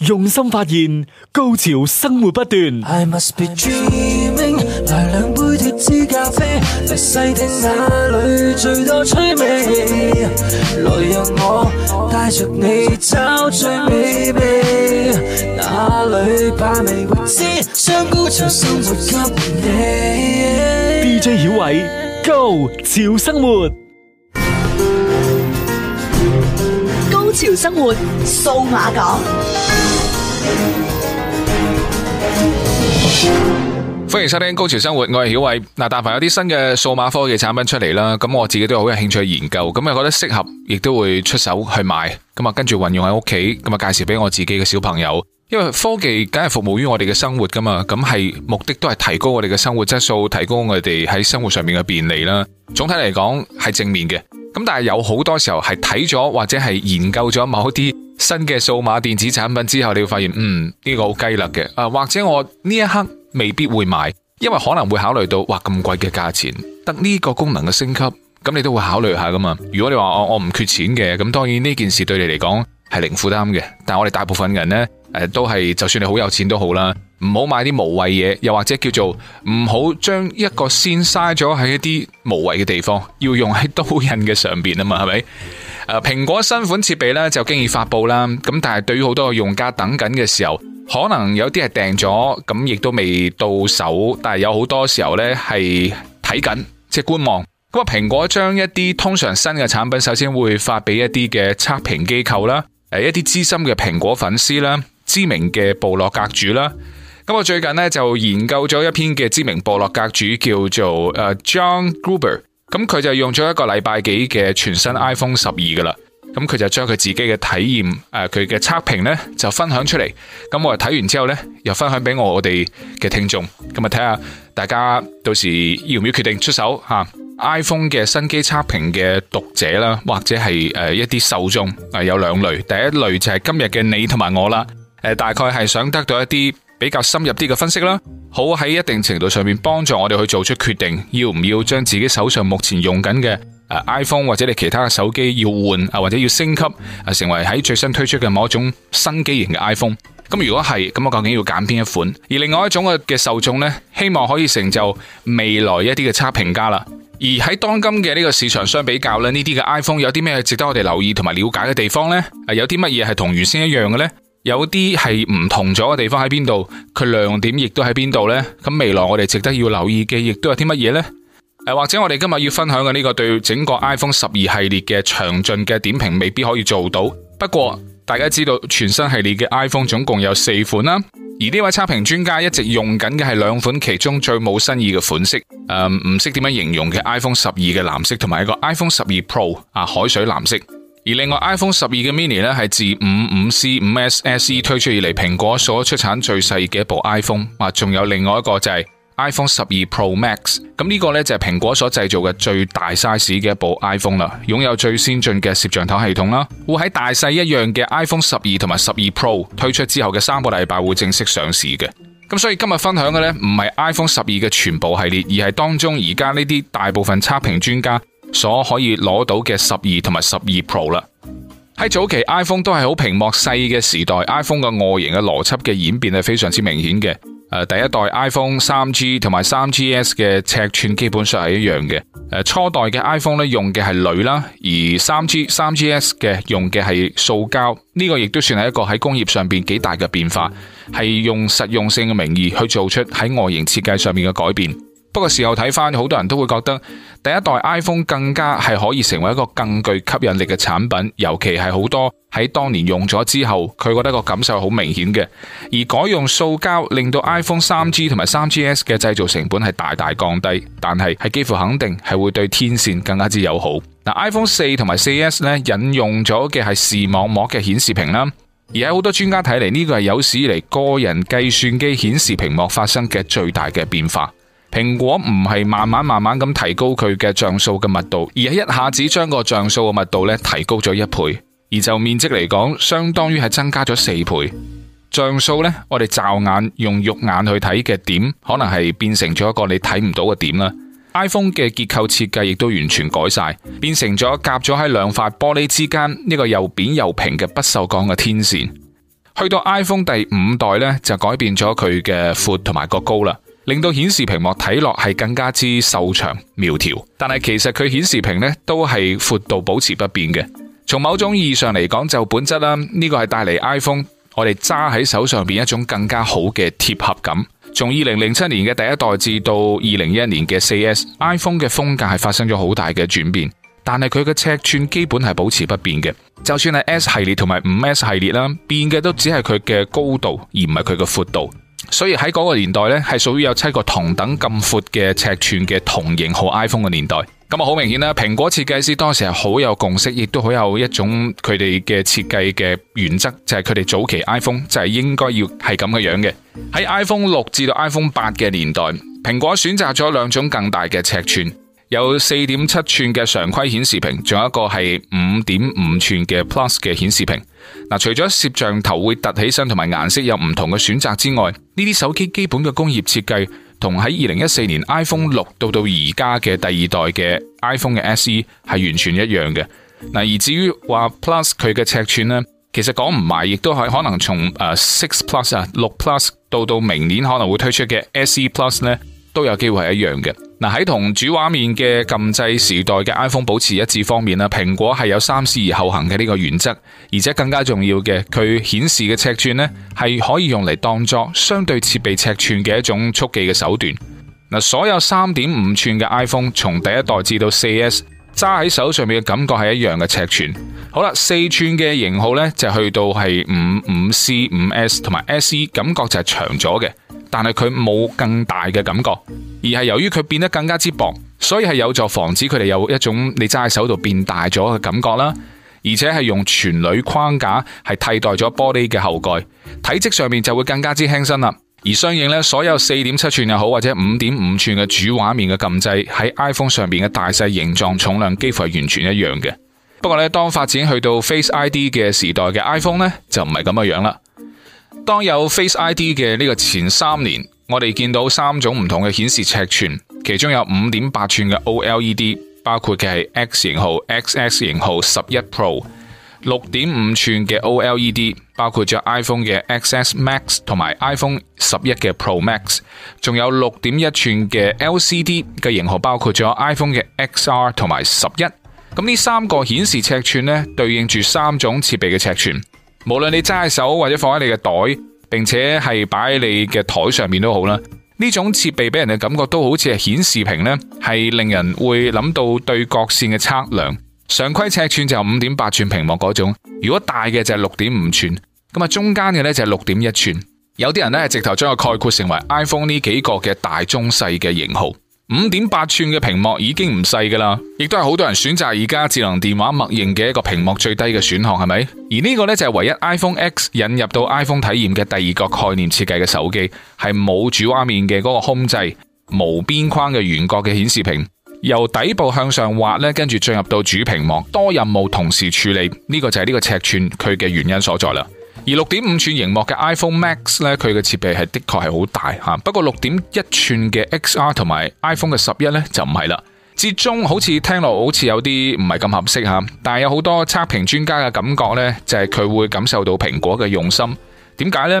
用心發現，高潮生活不斷。I must be dreaming，來兩杯脫脂咖啡，細聽那裏最多趣味。來讓我帶着你找最美味，哪裏把味知？將高潮生活給你。DJ 小偉，Go，潮生活，高潮生活，數碼港。歡迎收聽《高潮生活》，我係曉偉。嗱，但凡有啲新嘅數碼科技產品出嚟啦，咁我自己都好有興趣研究，咁啊覺得適合，亦都會出手去買。咁啊，跟住運用喺屋企，咁啊介紹俾我自己嘅小朋友。因為科技梗係服務於我哋嘅生活噶嘛，咁係目的都係提高我哋嘅生活質素，提高我哋喺生活上面嘅便利啦。總體嚟講係正面嘅。咁但係有好多時候係睇咗或者係研究咗某一啲新嘅數碼電子產品之後，你會發現嗯，呢個好雞肋嘅啊，或者我呢一刻未必會買，因為可能會考慮到哇咁貴嘅價錢得呢個功能嘅升級，咁你都會考慮下噶嘛。如果你話我我唔缺錢嘅，咁當然呢件事對你嚟講係零負擔嘅。但係我哋大部分人呢。誒，都係就算你好有錢都好啦，唔好買啲無謂嘢，又或者叫做唔好將一個先嘥咗喺一啲無謂嘅地方，要用喺刀刃嘅上邊啊嘛，係咪？誒，蘋果新款設備咧就經已發佈啦，咁但係對於好多嘅用家等緊嘅時候，可能有啲係訂咗，咁亦都未到手，但係有好多時候呢係睇緊，即係觀望。咁啊，蘋果將一啲通常新嘅產品，首先會發俾一啲嘅測評機構啦，誒，一啲資深嘅蘋果粉絲啦。知名嘅部落格主啦，咁我最近咧就研究咗一篇嘅知名部落格主，叫做誒 John Gruber，咁佢就用咗一個禮拜幾嘅全新 iPhone 十二噶啦，咁佢就將佢自己嘅體驗誒佢嘅測評咧就分享出嚟，咁我睇完之後咧又分享俾我我哋嘅聽眾，咁啊睇下大家到時要唔要決定出手吓 iPhone 嘅新機測評嘅讀者啦，或者係誒一啲受眾啊有兩類，第一類就係今日嘅你同埋我啦。大概係想得到一啲比較深入啲嘅分析啦，好喺一定程度上面幫助我哋去做出決定，要唔要將自己手上目前用緊嘅誒 iPhone 或者你其他嘅手機要換啊，或者要升級啊，成為喺最新推出嘅某一種新機型嘅 iPhone。咁如果係咁，我究竟要揀邊一款？而另外一種嘅受眾呢，希望可以成就未來一啲嘅測評家啦。而喺當今嘅呢個市場相比較啦，呢啲嘅 iPhone 有啲咩值得我哋留意同埋了解嘅地方呢？有啲乜嘢係同原先一樣嘅呢？有啲係唔同咗嘅地方喺邊度，佢亮點亦都喺邊度呢？咁未來我哋值得要留意嘅，亦都有啲乜嘢呢？誒、呃，或者我哋今日要分享嘅呢個對整個 iPhone 十二系列嘅詳盡嘅點評，未必可以做到。不過大家知道全新系列嘅 iPhone 總共有四款啦，而呢位差評專家一直用緊嘅係兩款其中最冇新意嘅款式，誒、呃，唔識點樣形容嘅 iPhone 十二嘅藍色同埋一個 iPhone 十二 Pro 啊，海水藍色。而另外 iPhone 十二嘅 mini 咧係自五五 C 五 S SE 推出以嚟蘋果所出產最細嘅一部 iPhone，啊，仲有另外一個就係 iPhone 十二 Pro Max，咁呢個咧就係蘋果所製造嘅最大 size 嘅一部 iPhone 啦，擁有最先進嘅攝像頭系統啦，會喺大細一樣嘅 iPhone 十二同埋十二 Pro 推出之後嘅三個禮拜會正式上市嘅，咁所以今日分享嘅咧唔係 iPhone 十二嘅全部系列，而係當中而家呢啲大部分測評專家。所可以攞到嘅十二同埋十二 Pro 啦，喺早期 iPhone 都係好屏幕細嘅時代，iPhone 嘅外形嘅邏輯嘅演變係非常之明顯嘅。誒，第一代 iPhone 三 G 同埋三 GS 嘅尺寸基本上係一樣嘅。誒，初代嘅 iPhone 咧用嘅係鋁啦，而三 G 三 GS 嘅用嘅係塑膠，呢個亦都算係一個喺工業上邊幾大嘅變化，係用實用性嘅名義去做出喺外形設計上面嘅改變。不過事後睇翻，好多人都會覺得第一代 iPhone 更加係可以成為一個更具吸引力嘅產品，尤其係好多喺當年用咗之後，佢覺得個感受好明顯嘅。而改用塑膠令到 iPhone 3G 同埋 3GS 嘅製造成本係大大降低，但係係幾乎肯定係會對天線更加之友好。嗱，iPhone 4同埋 4S 呢，引用咗嘅係視網膜嘅顯示屏啦，而喺好多專家睇嚟，呢個係有史以嚟個人計算機顯示屏幕發生嘅最大嘅變化。蘋果唔係慢慢慢慢咁提高佢嘅像素嘅密度，而係一下子將個像素嘅密度咧提高咗一倍，而就面積嚟講，相當於係增加咗四倍。像素呢，我哋驟眼用肉眼去睇嘅點，可能係變成咗一個你睇唔到嘅點啦。iPhone 嘅結構設計亦都完全改晒，變成咗夾咗喺兩塊玻璃之間呢個又扁又平嘅不銹鋼嘅天線。去到 iPhone 第五代呢，就改變咗佢嘅闊同埋個高啦。令到顯示屏幕睇落係更加之瘦長苗條，但係其實佢顯示屏呢都係闊度保持不變嘅。從某種意義上嚟講，就本質啦，呢個係帶嚟 iPhone 我哋揸喺手上邊一種更加好嘅貼合感。從二零零七年嘅第一代至到二零一一年嘅四 S，iPhone 嘅風格係發生咗好大嘅轉變，但係佢嘅尺寸基本係保持不變嘅。就算係 S 系列同埋五 s 系列啦，變嘅都只係佢嘅高度，而唔係佢嘅闊度。所以喺嗰個年代咧，係屬於有七個同等咁闊嘅尺寸嘅同型號 iPhone 嘅年代。咁啊，好明顯啦，蘋果設計師當時係好有共識，亦都好有一種佢哋嘅設計嘅原則，就係佢哋早期 iPhone 就係應該要係咁嘅樣嘅。喺 iPhone 六至到 iPhone 八嘅年代，蘋果選擇咗兩種更大嘅尺寸。有四點七寸嘅常規顯示屏，仲有一個係五點五寸嘅 Plus 嘅顯示屏。嗱，除咗攝像頭會凸起身，同埋顏色有唔同嘅選擇之外，呢啲手機基本嘅工業設計同喺二零一四年 iPhone 六到到而家嘅第二代嘅 iPhone 嘅 SE 係完全一樣嘅。嗱，而至於話 Plus 佢嘅尺寸呢，其實講唔埋，亦都係可能從誒 Six Plus 啊六 Plus 到到明年可能會推出嘅 SE Plus 咧，都有機會係一樣嘅。嗱，喺同主畫面嘅撳掣時代嘅 iPhone 保持一致方面啦，蘋果係有三思而後行嘅呢個原則，而且更加重要嘅，佢顯示嘅尺寸呢係可以用嚟當作相對設備尺寸嘅一種速記嘅手段。嗱，所有三點五寸嘅 iPhone 從第一代至到四 S 揸，喺手上面嘅感覺係一樣嘅尺寸。好啦，四寸嘅型號呢，就去到係五五 C 五 S 同埋 SE，感覺就係長咗嘅。但係佢冇更大嘅感覺，而係由於佢變得更加之薄，所以係有助防止佢哋有一種你揸喺手度變大咗嘅感覺啦。而且係用全鋁框架係替代咗玻璃嘅後蓋，體積上面就會更加之輕身啦。而相應呢，所有四點七寸又好或者五點五寸嘅主畫面嘅撳掣喺 iPhone 上面嘅大細形狀重量幾乎係完全一樣嘅。不過呢，當發展去到 Face ID 嘅時代嘅 iPhone 呢，就唔係咁嘅樣啦。當有 Face ID 嘅呢個前三年，我哋見到三種唔同嘅顯示尺寸，其中有五點八寸嘅 OLED，包括嘅係 X 型號、XS 型號、十一 Pro，六點五寸嘅 OLED，包括咗 iPhone 嘅 XS Max 同埋 iPhone 十一嘅 Pro Max，仲有六點一寸嘅 LCD 嘅型號，包括咗 iPhone 嘅 XR 同埋十一。咁呢三個顯示尺寸呢，對應住三種設備嘅尺寸。無論你揸喺手或者放喺你嘅袋，並且係擺喺你嘅台上面都好啦。呢種設備俾人嘅感覺都好似係顯示屏，呢係令人會諗到對角綫嘅測量。常規尺寸就五點八寸屏幕嗰種，如果大嘅就係六點五寸，咁啊中間嘅呢就係六點一寸。有啲人呢，直頭將佢概括成為 iPhone 呢幾個嘅大中細嘅型號。五點八寸嘅屏幕已經唔細噶啦，亦都係好多人選擇而家智能電話默認嘅一個屏幕最低嘅選項，係咪？而呢個呢，就係唯一 iPhone X 引入到 iPhone 體驗嘅第二個概念設計嘅手機，係冇主畫面嘅嗰個控制無邊框嘅圓角嘅顯示屏，由底部向上滑呢，跟住進入到主屏幕，多任務同時處理。呢個就係呢個尺寸佢嘅原因所在啦。而六點五寸屏幕嘅 iPhone Max 咧，佢嘅設備係的確係好大吓。不過六點一寸嘅 XR 同埋 iPhone 嘅十一咧就唔係啦。折中好似聽落好似有啲唔係咁合適吓，但係有好多測評專家嘅感覺咧，就係佢會感受到蘋果嘅用心。點解呢？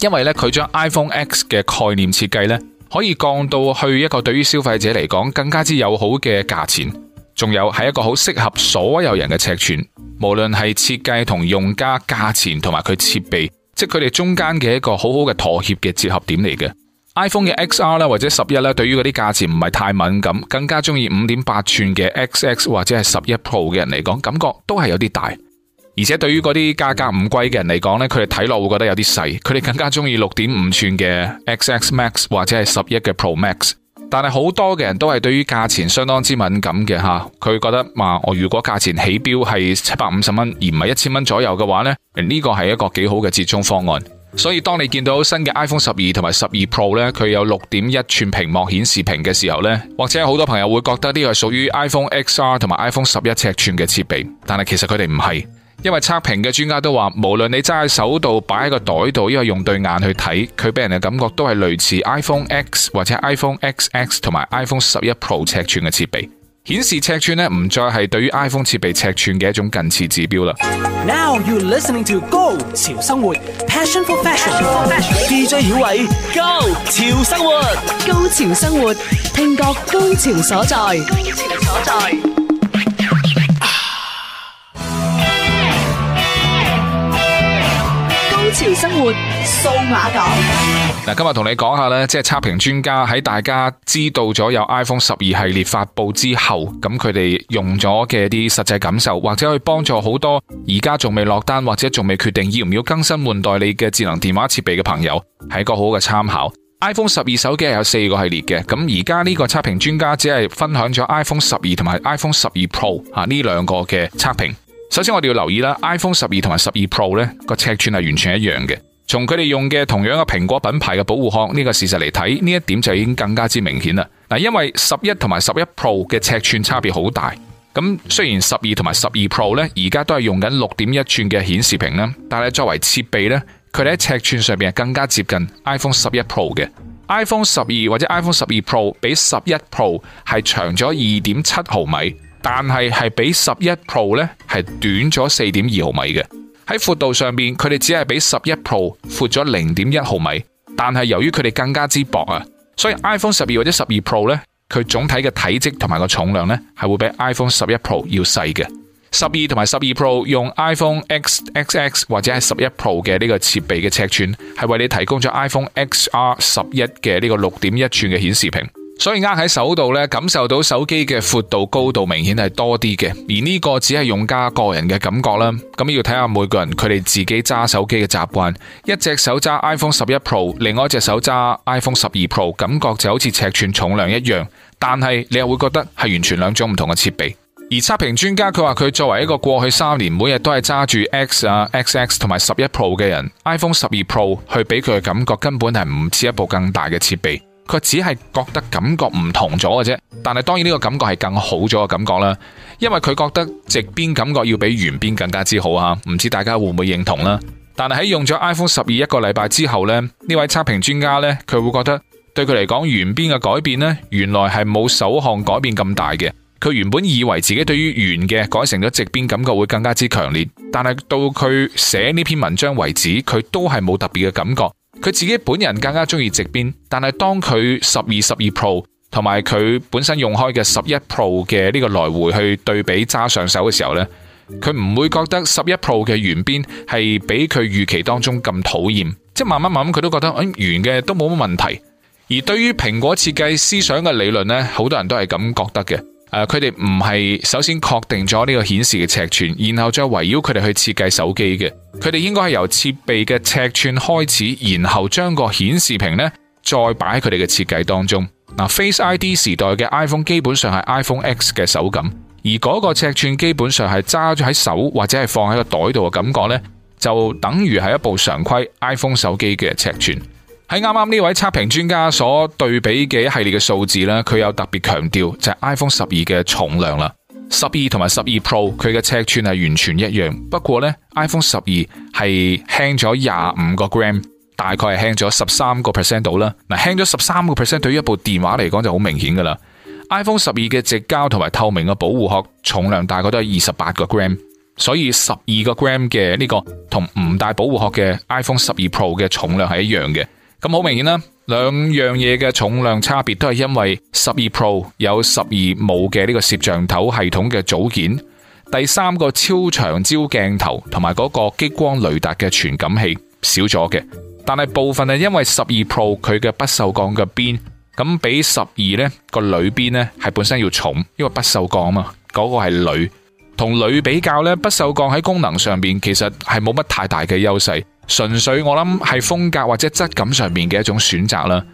因為咧佢將 iPhone X 嘅概念設計咧，可以降到去一個對於消費者嚟講更加之友好嘅價錢。仲有係一個好適合所有人嘅尺寸，無論係設計同用家價錢同埋佢設備，即係佢哋中間嘅一個好好嘅妥協嘅折合點嚟嘅。iPhone 嘅 XR 啦，或者十一啦，對於嗰啲價錢唔係太敏感，更加中意五點八寸嘅 XX 或者係十一 Pro 嘅人嚟講，感覺都係有啲大。而且對於嗰啲價格唔貴嘅人嚟講咧，佢哋睇落會覺得有啲細，佢哋更加中意六點五寸嘅 XX Max 或者係十一嘅 Pro Max。但係好多嘅人都係對於價錢相當之敏感嘅吓，佢覺得嘛，我如果價錢起標係七百五十蚊而唔係一千蚊左右嘅話咧，呢個係一個幾好嘅折中方案。所以當你見到新嘅 iPhone 十二同埋十二 Pro 咧，佢有六點一寸屏幕顯示屏嘅時候咧，或者好多朋友會覺得呢個係屬於 iPhone XR 同埋 iPhone 十一尺寸嘅設備，但係其實佢哋唔係。因為測評嘅專家都話，無論你揸喺手度、擺喺個袋度，因為用對眼去睇，佢俾人嘅感覺都係類似 iPhone X 或者 iPhone XX 同埋 iPhone 十一 Pro 尺寸嘅設備。顯示尺寸呢，唔再係對於 iPhone 設備尺寸嘅一種近似指標啦。Now you listening to 高潮生活，Passion for Fashion，DJ 曉偉，高潮生活，高 Go, fashion. 潮，潮生活，聽覺高潮所在，高潮所在。生活數碼，嗱今日同你講下咧，即係測評專家喺大家知道咗有 iPhone 十二系列發布之後，咁佢哋用咗嘅啲實際感受，或者去幫助好多而家仲未落單或者仲未決定要唔要更新換代你嘅智能電話設備嘅朋友，係一個好嘅參考。iPhone 十二手機係有四個系列嘅，咁而家呢個測評專家只係分享咗 iPhone 十二同埋 iPhone 十二 Pro 啊呢兩個嘅測評。首先我哋要留意啦，iPhone 十二同埋十二 Pro 咧，個尺寸係完全一樣嘅。從佢哋用嘅同樣嘅蘋果品牌嘅保護殼呢個事實嚟睇，呢一點就已經更加之明顯啦。嗱，因為十一同埋十一 Pro 嘅尺寸差別好大。咁雖然十二同埋十二 Pro 咧，而家都係用緊六點一寸嘅顯示屏啦，但係作為設備咧，佢哋喺尺寸上邊係更加接近 iPhone 十一 Pro 嘅。iPhone 十二或者 iPhone 十二 Pro 比十一 Pro 係長咗二點七毫米。但係係比十一 Pro 咧係短咗四點二毫米嘅，喺闊度上面，佢哋只係比十一 Pro 闊咗零點一毫米，但係由於佢哋更加之薄啊，所以 iPhone 十二或者十二 Pro 咧佢總體嘅體積同埋個重量咧係會比 iPhone 十一 Pro 要細嘅。十二同埋十二 Pro 用 iPhone X X X 或者係十一 Pro 嘅呢個設備嘅尺寸，係為你提供咗 iPhone XR 十一嘅呢個六點一吋嘅顯示屏。所以握喺手度咧，感受到手機嘅闊度、高度明顯係多啲嘅，而呢個只係用家個人嘅感覺啦。咁要睇下每個人佢哋自己揸手機嘅習慣，一隻手揸 iPhone 十一 Pro，另外一隻手揸 iPhone 十二 Pro，感覺就好似尺寸、重量一樣，但係你又會覺得係完全兩種唔同嘅設備。而測評專家佢話佢作為一個過去三年每日都係揸住 X 啊、XX 同埋十一 Pro 嘅人，iPhone 十二 Pro 去俾佢嘅感覺根本係唔似一部更大嘅設備。佢只係覺得感覺唔同咗嘅啫，但係當然呢個感覺係更好咗嘅感覺啦，因為佢覺得直邊感覺要比圓邊更加之好吓，唔知大家會唔會認同啦？但係喺用咗 iPhone 十二一個禮拜之後呢，呢位測評專家呢，佢會覺得對佢嚟講圓邊嘅改變呢，原來係冇首項改變咁大嘅。佢原本以為自己對於圓嘅改成咗直邊感覺會更加之強烈，但係到佢寫呢篇文章為止，佢都係冇特別嘅感覺。佢自己本人更加中意直邊，但係當佢十二十二 Pro 同埋佢本身用開嘅十一 Pro 嘅呢個來回去對比揸上手嘅時候呢，佢唔會覺得十一 Pro 嘅圓邊係比佢預期當中咁討厭，即係慢慢慢慢佢都覺得誒，圓嘅都冇乜問題。而對於蘋果設計思想嘅理論呢，好多人都係咁覺得嘅。誒，佢哋唔係首先確定咗呢個顯示嘅尺寸，然後再圍繞佢哋去設計手機嘅。佢哋應該係由設備嘅尺寸開始，然後將個顯示屏呢再擺喺佢哋嘅設計當中。嗱，Face ID 時代嘅 iPhone 基本上係 iPhone X 嘅手感，而嗰個尺寸基本上係揸咗喺手或者係放喺個袋度嘅感覺呢，就等於係一部常規 iPhone 手機嘅尺寸。喺啱啱呢位測評專家所對比嘅一系列嘅數字咧，佢有特別強調就係 iPhone 十二嘅重量啦。十二同埋十二 Pro 佢嘅尺寸係完全一樣，不過咧 iPhone 十二係輕咗廿五個 gram，大概係輕咗十三個 percent 度啦。嗱，輕咗十三個 percent 對於一部電話嚟講就好明顯噶啦。iPhone 十二嘅直膠同埋透明嘅保護殼重量大概都係二十八個 gram，所以十二個 gram 嘅呢個同唔帶保護殼嘅 iPhone 十二 Pro 嘅重量係一樣嘅。咁好明顯啦，兩樣嘢嘅重量差別都係因為十二 Pro 有十二冇嘅呢個攝像頭系統嘅組件，第三個超長焦鏡頭同埋嗰個激光雷達嘅傳感器少咗嘅，但係部分係因為十二 Pro 佢嘅不銹鋼嘅邊，咁比十二咧個鋁邊咧係本身要重，因為不銹鋼啊嘛，嗰個係鋁，同鋁比較咧，不銹鋼喺功能上邊其實係冇乜太大嘅優勢。純粹我諗係風格或者質感上面嘅一種選擇啦，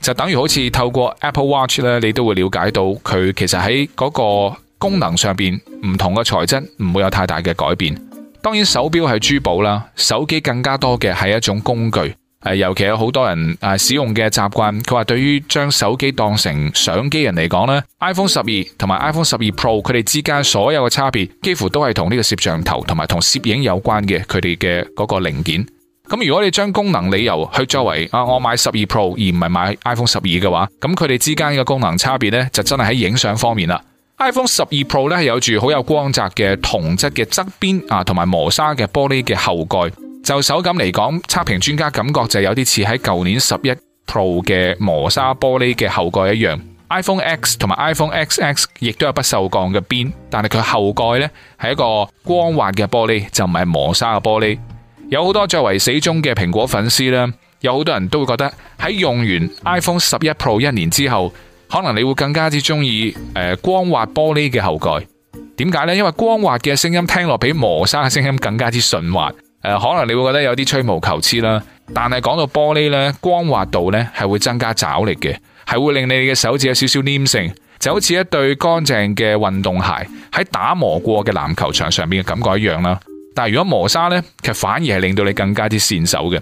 就等於好似透過 Apple Watch 咧，你都會了解到佢其實喺嗰個功能上邊唔同嘅材質唔會有太大嘅改變。當然手錶係珠寶啦，手機更加多嘅係一種工具。誒，尤其有好多人誒使用嘅習慣，佢話對於將手機當成相機人嚟講咧，iPhone 十二同埋 iPhone 十二 Pro 佢哋之間所有嘅差別，幾乎都係同呢個攝像頭同埋同攝影有關嘅佢哋嘅嗰個零件。咁如果你將功能理由去作為啊，我買十二 Pro 而唔係買 iPhone 十二嘅話，咁佢哋之間嘅功能差別呢，就真係喺影相方面啦。iPhone 十二 Pro 呢，係有住好有光澤嘅銅質嘅側邊啊，同埋磨砂嘅玻璃嘅後蓋。就手感嚟講，測評專家感覺就有啲似喺舊年十一 Pro 嘅磨砂玻璃嘅後蓋一樣。iPhone X 同埋 iPhone XS 亦都有不銹鋼嘅邊，但係佢後蓋呢，係一個光滑嘅玻璃，就唔係磨砂嘅玻璃。有好多作為死忠嘅蘋果粉絲啦，有好多人都會覺得喺用完 iPhone 十一 Pro 一年之後，可能你會更加之中意，誒光滑玻璃嘅後蓋。點解呢？因為光滑嘅聲音聽落比磨砂嘅聲音更加之順滑。呃，可能你會覺得有啲吹毛求疵啦。但係講到玻璃呢，光滑度呢係會增加爪力嘅，係會令你嘅手指有少少黏性，就好似一對乾淨嘅運動鞋喺打磨過嘅籃球場上面嘅感覺一樣啦。但係如果磨砂咧，佢反而係令到你更加之善手嘅。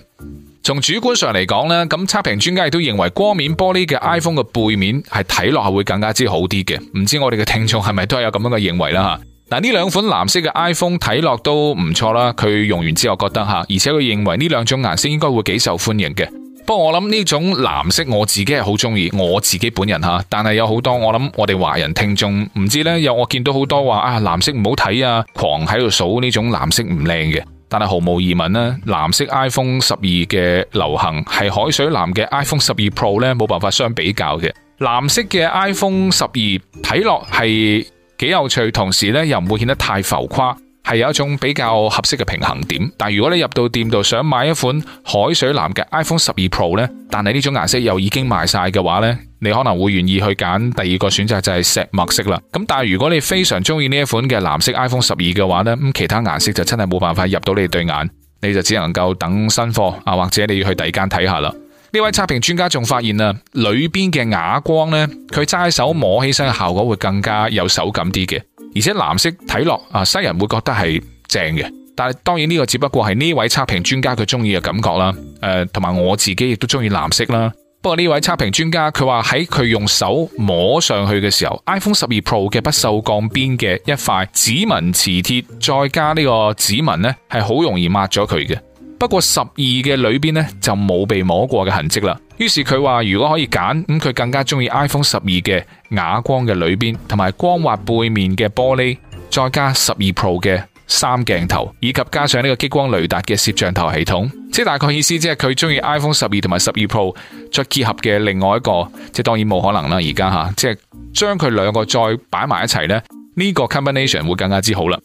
從主觀上嚟講呢，咁測評專家亦都認為光面玻璃嘅 iPhone 嘅背面係睇落係會更加之好啲嘅。唔知我哋嘅聽眾係咪都係有咁樣嘅認為啦吓？嗱，呢兩款藍色嘅 iPhone 睇落都唔錯啦，佢用完之後覺得吓，而且佢認為呢兩種顏色應該會幾受歡迎嘅。不過我諗呢種藍色我自己係好中意，我自己本人吓，但係有好多我諗我哋華人聽眾唔知呢，有我見到好多話啊藍色唔好睇啊，狂喺度數呢種藍色唔靚嘅。但係毫無疑問咧，藍色 iPhone 十二嘅流行係海水藍嘅 iPhone 十二 Pro 呢冇辦法相比較嘅。藍色嘅 iPhone 十二睇落係幾有趣，同時呢又唔會顯得太浮誇。係有一種比較合適嘅平衡點，但如果你入到店度想買一款海水藍嘅 iPhone 十二 Pro 呢，但係呢種顏色又已經賣晒嘅話呢，你可能會願意去揀第二個選擇就係石墨色啦。咁但係如果你非常中意呢一款嘅藍色 iPhone 十二嘅話呢，咁其他顏色就真係冇辦法入到你對眼，你就只能夠等新貨啊，或者你要去第二間睇下啦。呢位測評專家仲發現啊，裏邊嘅啞光呢，佢揸手摸起身嘅效果會更加有手感啲嘅。而且藍色睇落啊，西人會覺得係正嘅，但係當然呢個只不過係呢位測評專家佢中意嘅感覺啦，誒、呃，同埋我自己亦都中意藍色啦。不過呢位測評專家佢話喺佢用手摸上去嘅時候，iPhone 十二 Pro 嘅不銹鋼邊嘅一塊指紋磁鐵，再加呢個指紋呢，係好容易抹咗佢嘅。不過十二嘅裏邊呢，就冇被摸過嘅痕跡啦。於是佢話如果可以揀，咁、嗯、佢更加中意 iPhone 十二嘅啞光嘅裏邊同埋光滑背面嘅玻璃，再加十二 Pro 嘅三鏡頭，以及加上呢個激光雷達嘅攝像頭系統，即係大概意思，即係佢中意 iPhone 十二同埋十二 Pro 再結合嘅另外一個，即係當然冇可能啦，而家吓，即係將佢兩個再擺埋一齊呢，呢、呢個 combination 會更加之好啦。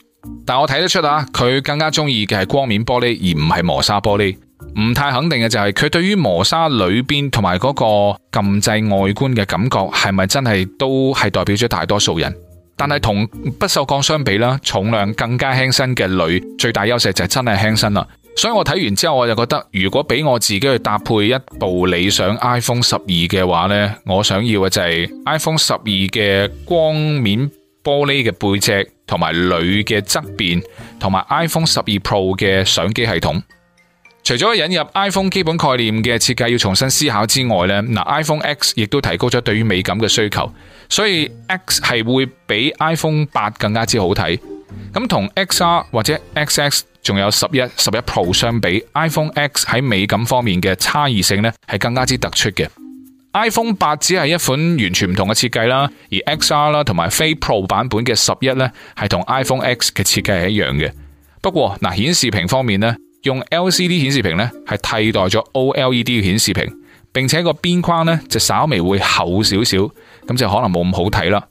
但我睇得出啊，佢更加中意嘅係光面玻璃，而唔係磨砂玻璃。唔太肯定嘅就係、是、佢對於磨砂裏邊同埋嗰個撳掣外觀嘅感覺係咪真係都係代表咗大多數人？但係同不鏽鋼相比啦，重量更加輕身嘅鋁最大優勢就係真係輕身啦。所以我睇完之後，我就覺得如果俾我自己去搭配一部理想 iPhone 十二嘅話呢，我想要嘅就係 iPhone 十二嘅光面。玻璃嘅背脊同埋鋁嘅側邊，同埋 iPhone 十二 Pro 嘅相機系統。除咗引入 iPhone 基本概念嘅設計要重新思考之外呢嗱 iPhone X 亦都提高咗對於美感嘅需求，所以 X 係會比 iPhone 八更加之好睇。咁同 XR 或者 XS 仲有十一、十一 Pro 相比，iPhone X 喺美感方面嘅差異性呢係更加之突出嘅。iPhone 八只係一款完全唔同嘅設計啦，而 XR 啦同埋非 Pro 版本嘅十一咧，係同 iPhone X 嘅設計係一樣嘅。不過嗱、呃，顯示屏方面呢，用 LCD 顯示屏咧係替代咗 OLED 嘅顯示屏，並且個邊框咧就稍微會厚少少，咁就可能冇咁好睇啦。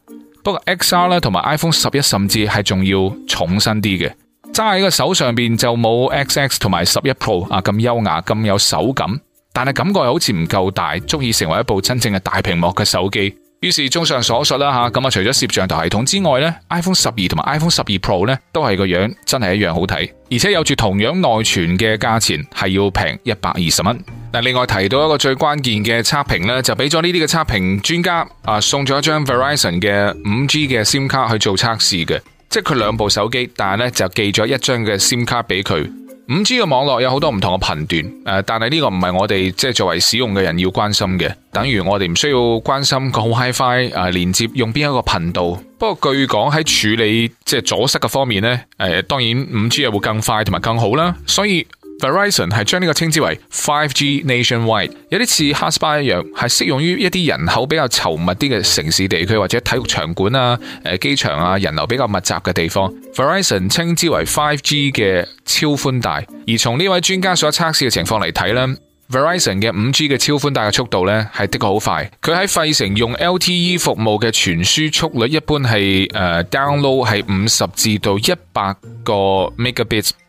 不過 XR 咧同埋 iPhone 十一甚至係仲要重身啲嘅，揸喺個手上邊就冇 XS 同埋十一 Pro 啊咁優雅咁有手感。但係感覺好似唔夠大，足以成為一部真正嘅大屏幕嘅手機。於是，綜上所述啦吓，咁啊，除咗攝像頭系統之外呢 iPhone 十二同埋 iPhone 十二 Pro 呢都係個樣真係一樣好睇，而且有住同樣內存嘅價錢係要平一百二十蚊。嗱，另外提到一個最關鍵嘅測評呢，就俾咗呢啲嘅測評專家啊送咗一張 Verizon 嘅五 G 嘅 SIM 卡去做測試嘅，即係佢兩部手機，但係呢就寄咗一張嘅 SIM 卡俾佢。五 G 嘅網絡有好多唔同嘅頻段誒，但係呢個唔係我哋即係作為使用嘅人要關心嘅，等於我哋唔需要關心個好 WiFi 啊連接用邊一個頻道。不過據講喺處理即係阻塞嘅方面咧誒、啊，當然五 G 又會更快同埋更好啦，所以。Verizon 係將呢個稱之為 5G Nationwide，有啲似 Haspa 一樣，係適用於一啲人口比較稠密啲嘅城市地區或者體育場館啊、誒機場啊人流比較密集嘅地方。Verizon 稱之為 5G 嘅超寬帶。而從呢位專家所測試嘅情況嚟睇呢 Verizon 嘅五 G 嘅超寬帶嘅速度呢係的確好快。佢喺費城用 LTE 服務嘅傳輸速率一般係誒、uh, download 係五十至到一百個 megabits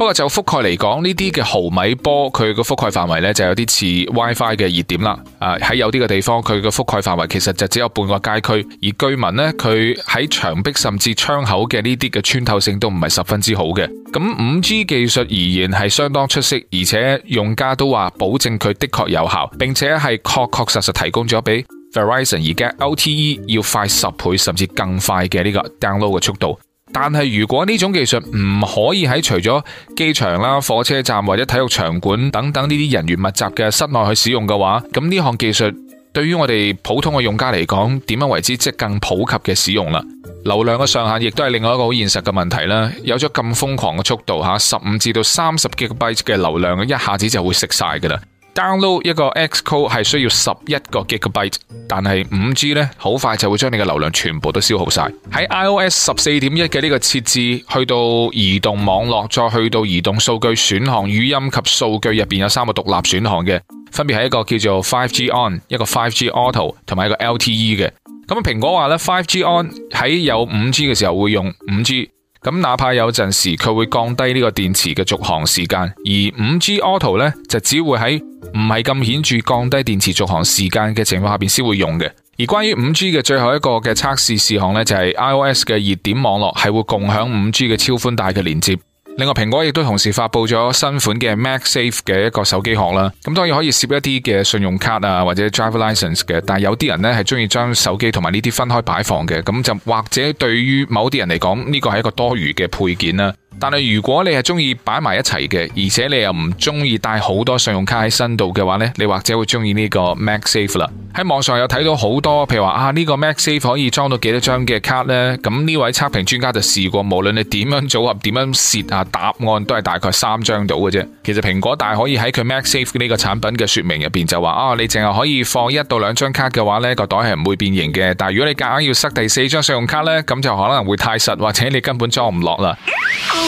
不過就覆蓋嚟講，呢啲嘅毫米波佢個覆蓋範圍呢就有啲似 WiFi 嘅熱點啦。啊，喺有啲嘅地方，佢嘅覆蓋範圍其實就只有半個街區，而居民呢，佢喺牆壁甚至窗口嘅呢啲嘅穿透性都唔係十分之好嘅。咁 5G 技術而言係相當出色，而且用家都話保證佢的確有效，並且係確確實實提供咗比 Verizon 而家 LTE 要快十倍甚至更快嘅呢個 download 嘅速度。但係如果呢種技術唔可以喺除咗機場啦、火車站或者體育場館等等呢啲人員密集嘅室內去使用嘅話，咁呢項技術對於我哋普通嘅用家嚟講，點樣為之即更普及嘅使用啦？流量嘅上限亦都係另外一個好現實嘅問題啦。有咗咁瘋狂嘅速度吓，十五至到三十幾個 G 嘅流量，一下子就會食晒噶啦。download 一個 Xcode 係需要十一個 GigaByte，但係五 G 呢好快就會將你嘅流量全部都消耗晒。喺 iOS 十四點一嘅呢個設置，去到移動網絡，再去到移動數據選項，語音及數據入邊有三個獨立選項嘅，分別係一個叫做 Five G On，一個 Five G Auto，同埋一個 LTE 嘅。咁、嗯、啊，蘋果話呢 Five G On 喺有五 G 嘅時候會用五 G，咁哪怕有陣時佢會降低呢個電池嘅續航時間，而五 G Auto 呢就只會喺唔係咁顯著降低電池續航時間嘅情況下邊先會用嘅。而關於五 G 嘅最後一個嘅測試事項呢，就係 iOS 嘅熱點網絡係會共享五 G 嘅超寬帶嘅連接。另外，蘋果亦都同時發佈咗新款嘅 MagSafe 嘅一個手機殼啦。咁當然可以攝一啲嘅信用卡啊，或者 drive license 嘅，但係有啲人呢，係中意將手機同埋呢啲分開擺放嘅，咁就或者對於某啲人嚟講呢個係一個多餘嘅配件啦。但係如果你係中意擺埋一齊嘅，而且你又唔中意帶好多信用卡喺身度嘅話呢，你或者會中意呢個 MagSafe 啦。喺網上有睇到好多，譬如話啊，呢個 MagSafe 可以裝到幾多張嘅卡呢？咁呢位測評專家就試過，無論你點樣組合、點樣設啊，答案都係大概三張到嘅啫。其實蘋果大可以喺佢 MagSafe 呢個產品嘅說明入邊就話啊，你淨係可以放一到兩張卡嘅話，呢個袋係唔會變形嘅。但係如果你夾硬要塞第四張信用卡呢，咁就可能會太實，或者你根本裝唔落啦。